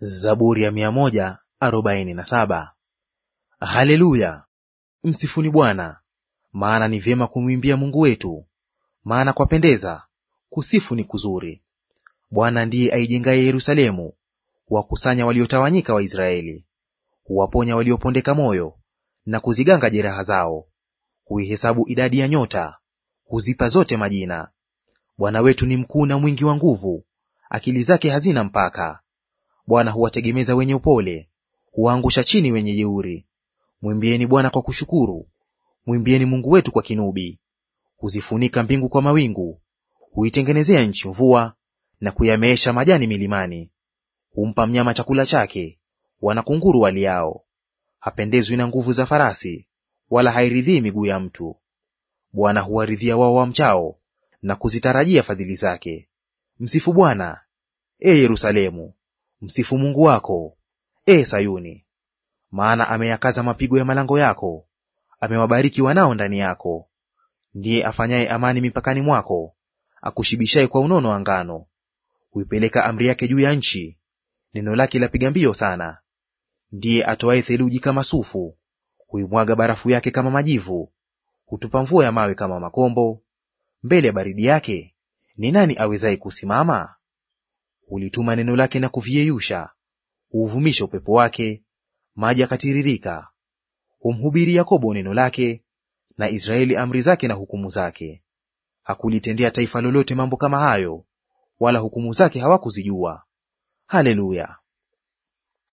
Zaburi ya mia moja arobaini na saba. Haleluya! Msifuni Bwana. Maana ni vyema kumwimbia Mungu wetu, maana kwapendeza kusifu ni kuzuri. Bwana ndiye aijengaye Yerusalemu, huwakusanya waliotawanyika wa Israeli. Huwaponya waliopondeka moyo na kuziganga jeraha zao. Huihesabu idadi ya nyota, huzipa zote majina. Bwana wetu ni mkuu na mwingi wa nguvu, akili zake hazina mpaka. Bwana huwategemeza wenye upole, huwaangusha chini wenye jeuri. Mwimbieni Bwana kwa kushukuru, mwimbieni Mungu wetu kwa kinubi. Huzifunika mbingu kwa mawingu, huitengenezea nchi mvua, na kuyameesha majani milimani. Humpa mnyama chakula chake, wanakunguru waliao. Hapendezwi na nguvu za farasi, wala hairidhii miguu ya mtu. Bwana huwaridhia wao wamchao, na kuzitarajia fadhili zake. Msifu Bwana, ee Yerusalemu. Msifu Mungu wako, e Sayuni, maana ameyakaza mapigo ya malango yako, amewabariki wanao ndani yako. Ndiye afanyaye amani mipakani mwako, akushibishaye kwa unono wa ngano. Huipeleka amri yake juu ya nchi, neno lake lapiga mbio sana. Ndiye atoaye theluji kama sufu, huimwaga barafu yake kama majivu. Hutupa mvua ya mawe kama makombo. Mbele ya baridi yake ni nani awezaye kusimama? Ulituma neno lake na kuviyeyusha, huuvumisha upepo wake, maji akatiririka Humhubiri Yakobo neno lake, na Israeli amri zake na hukumu zake. Hakulitendea taifa lolote mambo kama hayo, wala hukumu zake hawakuzijua. Haleluya!